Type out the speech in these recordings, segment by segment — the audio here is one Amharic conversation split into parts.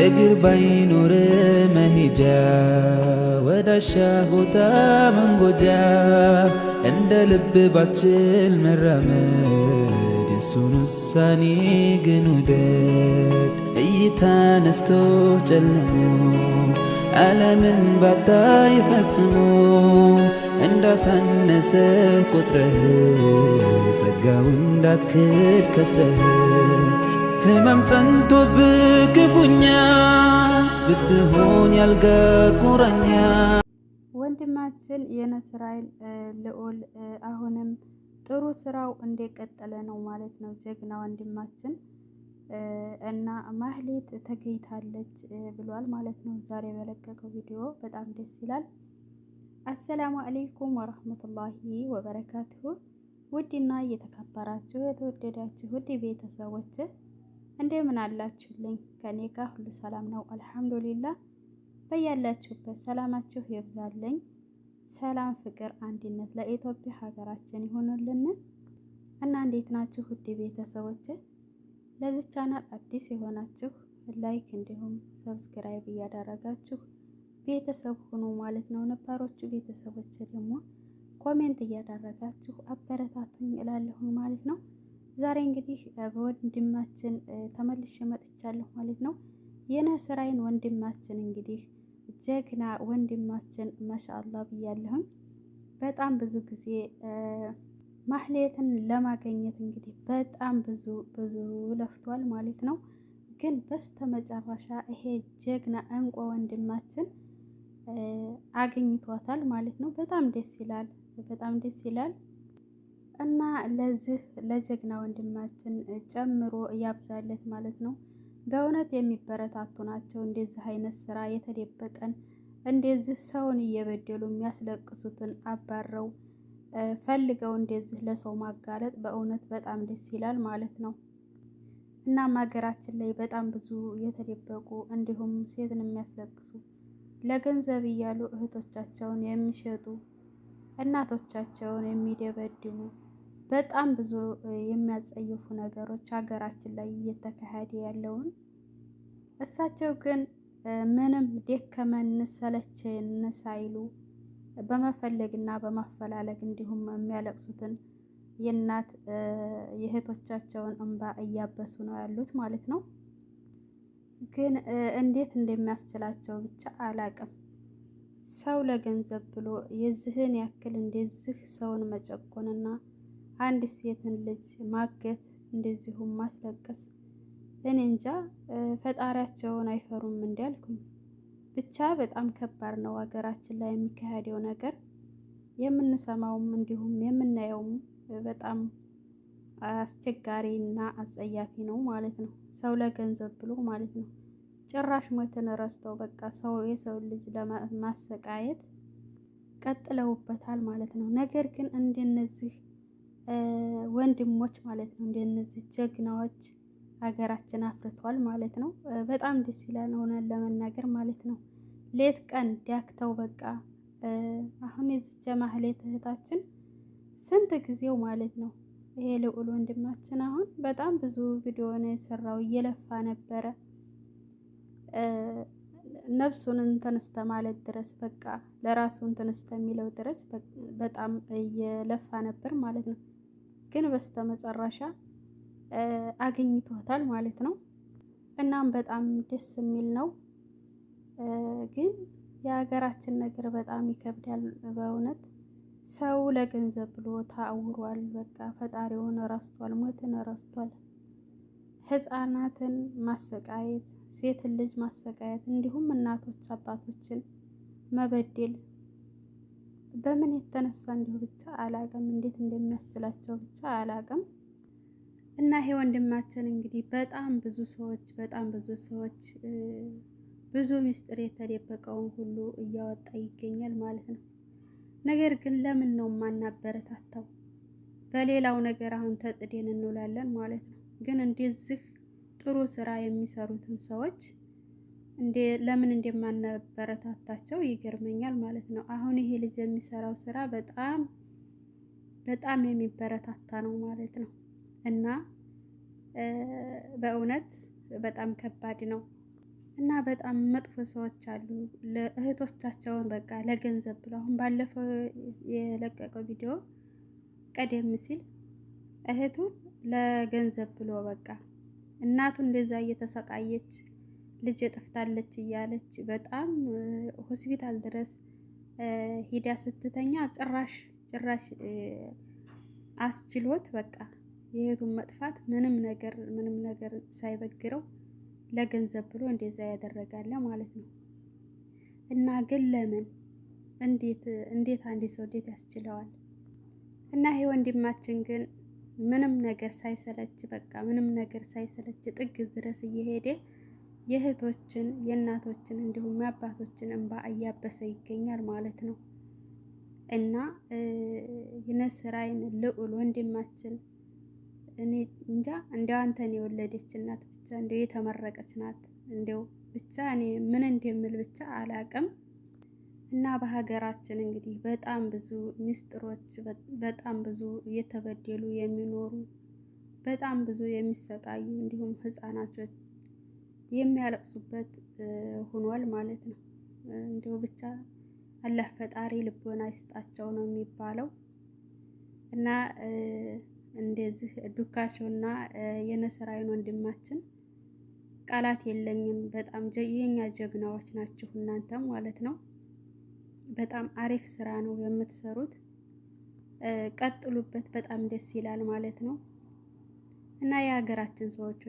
እግር ባይኖር መሄጃ ወዳሻ ቦታ መንጎጃ እንደ ልብ ባችል መራመድ እሱን ውሳኔ ግን ውደድ እይታ ነስቶ ጨለሞ ዓለምን ባታይ ፈጽሞ እንዳሳነሰ ቁጥረህ ጸጋው እንዳትክድ ከስረህ ህመም ጸንቶብህ ብትሆን ያልገቁረኛ ወንድማችን የነስራኤል ልዑል አሁንም ጥሩ ስራው እንደቀጠለ ነው ማለት ነው። ጀግና ወንድማችን እና ማህሌት ተገኝታለች ብሏል ማለት ነው። ዛሬ በለቀቀው ቪዲዮ በጣም ደስ ይላል። አሰላሙ አሌይኩም ወረህመቱላሂ ወበረካትሁ ውድና እየተከበራችሁ የተወደዳችሁ ውድ ቤተሰቦች እንደምን አላችሁልኝ? ከኔ ጋር ሁሉ ሰላም ነው አልሐምዱሊላ። በያላችሁበት ሰላማችሁ ይብዛልኝ። ሰላም፣ ፍቅር፣ አንድነት ለኢትዮጵያ ሀገራችን ይሆኑልን እና እንዴት ናችሁ ውድ ቤተሰቦች? ለዚህ ቻናል አዲስ የሆናችሁ ላይክ እንዲሁም ሰብስክራይብ እያደረጋችሁ ቤተሰብ ሁኑ ማለት ነው። ነባሮቹ ቤተሰቦች ደግሞ ኮሜንት እያደረጋችሁ አበረታቱኝ እላለሁኝ ማለት ነው። ዛሬ እንግዲህ በወንድማችን ተመልሼ መጥቻለሁ ማለት ነው። የነስራይን ወንድማችን እንግዲህ ጀግና ወንድማችን ማሻአላ ብያለሁም። በጣም ብዙ ጊዜ ማህሌትን ለማገኘት እንግዲህ በጣም ብዙ ብዙ ለፍቷል ማለት ነው። ግን በስተመጨረሻ ይሄ ጀግና እንቆ ወንድማችን አግኝቷታል ማለት ነው። በጣም ደስ ይላል፣ በጣም ደስ ይላል። እና ለዚህ ለጀግና ወንድማችን ጨምሮ እያብዛለት ማለት ነው። በእውነት የሚበረታቱ ናቸው። እንደዚህ አይነት ስራ የተደበቀን እንደዚህ ሰውን እየበደሉ የሚያስለቅሱትን አባረው ፈልገው እንደዚህ ለሰው ማጋለጥ በእውነት በጣም ደስ ይላል ማለት ነው። እናም ሀገራችን ላይ በጣም ብዙ የተደበቁ እንዲሁም ሴትን የሚያስለቅሱ ለገንዘብ እያሉ እህቶቻቸውን የሚሸጡ እናቶቻቸውን የሚደበድቡ በጣም ብዙ የሚያጸይፉ ነገሮች ሀገራችን ላይ እየተካሄደ ያለውን እሳቸው ግን ምንም ደከመን ሰለቸን ሳይሉ በመፈለግና በማፈላለግ እንዲሁም የሚያለቅሱትን የእናት የእህቶቻቸውን እንባ እያበሱ ነው ያሉት ማለት ነው። ግን እንዴት እንደሚያስችላቸው ብቻ አላቅም። ሰው ለገንዘብ ብሎ የዚህን ያክል እንደዚህ ሰውን መጨቆንና አንድ ሴትን ልጅ ማገት እንደዚሁም ማስለቀስ እኔ እንጃ ፈጣሪያቸውን አይፈሩም እንዲያልኩኝ ብቻ በጣም ከባድ ነው። ሀገራችን ላይ የሚካሄደው ነገር የምንሰማውም እንዲሁም የምናየውም በጣም አስቸጋሪ እና አጸያፊ ነው ማለት ነው። ሰው ለገንዘብ ብሎ ማለት ነው። ጭራሽ ሞትን ረስተው በቃ ሰው የሰው ልጅ ለማሰቃየት ቀጥለውበታል ማለት ነው። ነገር ግን እንደነዚህ ወንድሞች ማለት ነው። እንደነዚህ ጀግናዎች ሀገራችን አፍርቷል ማለት ነው። በጣም ደስ ይላል ሆነን ለመናገር ማለት ነው። ሌት ቀን ዲያክተው በቃ አሁን የዚች ማህሌት እህታችን ስንት ጊዜው ማለት ነው። ይሄ ልዑል ወንድማችን አሁን በጣም ብዙ ቪዲዮ ነው የሰራው እየለፋ ነበረ ነፍሱን ተነስተ ማለት ድረስ በቃ ለራሱ ተነስተ የሚለው ድረስ በጣም እየለፋ ነበር ማለት ነው። ግን በስተመጨረሻ አግኝቶታል ማለት ነው። እናም በጣም ደስ የሚል ነው። ግን የሀገራችን ነገር በጣም ይከብዳል በእውነት ሰው ለገንዘብ ብሎ ታውሯል። በቃ ፈጣሪውን ረስቷል፣ ሞትን ረስቷል። ህፃናትን ማሰቃየት፣ ሴትን ልጅ ማሰቃየት፣ እንዲሁም እናቶች አባቶችን መበደል በምን የተነሳ እንዲሁ ብቻ አላቅም፣ እንዴት እንደሚያስችላቸው ብቻ አላቅም። እና ይሄ ወንድማችን እንግዲህ በጣም ብዙ ሰዎች በጣም ብዙ ሰዎች ብዙ ምስጢር የተደበቀውን ሁሉ እያወጣ ይገኛል ማለት ነው። ነገር ግን ለምን ነው የማናበረታታው? በሌላው ነገር አሁን ተጥደን እንውላለን ማለት ነው። ግን እንደዚህ ጥሩ ስራ የሚሰሩትን ሰዎች ለምን እንደማናበረታታቸው ይገርመኛል ማለት ነው። አሁን ይሄ ልጅ የሚሰራው ስራ በጣም በጣም የሚበረታታ ነው ማለት ነው። እና በእውነት በጣም ከባድ ነው እና በጣም መጥፎ ሰዎች አሉ። ለእህቶቻቸውን በቃ ለገንዘብ ብሎ አሁን ባለፈው የለቀቀው ቪዲዮ ቀደም ሲል እህቱን ለገንዘብ ብሎ በቃ እናቱ እንደዛ እየተሰቃየች ልጅ ጠፍታለች እያለች በጣም ሆስፒታል ድረስ ሂዳ ስትተኛ ጭራሽ ጭራሽ አስችሎት በቃ የህይወቱን መጥፋት ምንም ነገር ምንም ነገር ሳይበግረው ለገንዘብ ብሎ እንደዛ ያደረጋለ ማለት ነው። እና ግን ለምን እንዴት እንዴት አንድ ሰው እንዴት ያስችለዋል? እና ይሄ ወንድማችን ግን ምንም ነገር ሳይሰለች በቃ ምንም ነገር ሳይሰለች ጥግ ድረስ እየሄደ የእህቶችን የእናቶችን እንዲሁም የአባቶችን እንባ እያበሰ ይገኛል ማለት ነው። እና የነስራይን ልዑል ወንድማችን እኔ እንጃ እንደ አንተን የወለደች እናት ብቻ እንደ የተመረቀች ናት። እንደው ብቻ እኔ ምን እንደምል ብቻ አላቅም። እና በሀገራችን እንግዲህ በጣም ብዙ ምስጢሮች፣ በጣም ብዙ እየተበደሉ የሚኖሩ በጣም ብዙ የሚሰቃዩ እንዲሁም ህጻናቶች የሚያለቅሱበት ሆኗል ማለት ነው። እንዲሁ ብቻ አላህ ፈጣሪ ልቦና ይስጣቸው ነው የሚባለው እና እንደዚህ ዱካቸውና የነስራይን ወንድማችን ቃላት የለኝም። በጣም የኛ ጀግናዎች ናችሁ እናንተም ማለት ነው። በጣም አሪፍ ስራ ነው የምትሰሩት፣ ቀጥሉበት። በጣም ደስ ይላል ማለት ነው እና የሀገራችን ሰዎች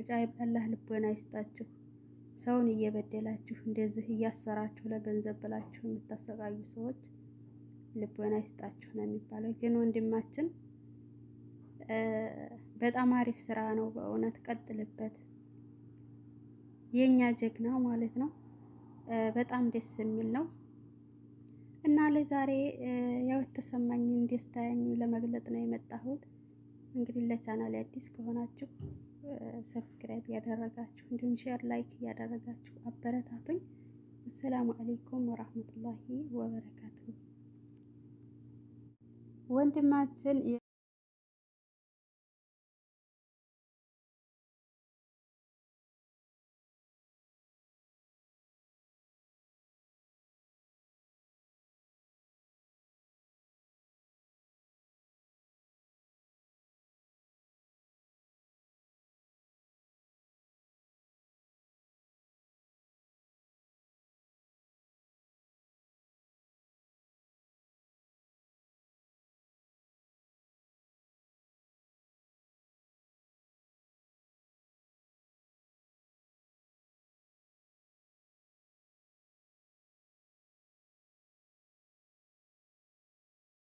አላህ ልቦና ይስጣችሁ። ሰውን እየበደላችሁ እንደዚህ እያሰራችሁ ለገንዘብ ብላችሁ የምታሰቃዩ ሰዎች ልቦና ይስጣችሁ ነው የሚባለው። ግን ወንድማችን በጣም አሪፍ ስራ ነው በእውነት ቀጥልበት፣ የእኛ ጀግና ማለት ነው። በጣም ደስ የሚል ነው እና ለዛሬ ያው የተሰማኝን ደስታዬን ለመግለጥ ነው የመጣሁት። እንግዲህ ለቻናል አዲስ ከሆናችሁ ሰብስክራይብ እያደረጋችሁ እንዲሁም ሼር ላይክ እያደረጋችሁ አበረታቱኝ። አሰላሙ አሌይኩም ወራህመቱላሂ ወበረካቱ። ወንድማችን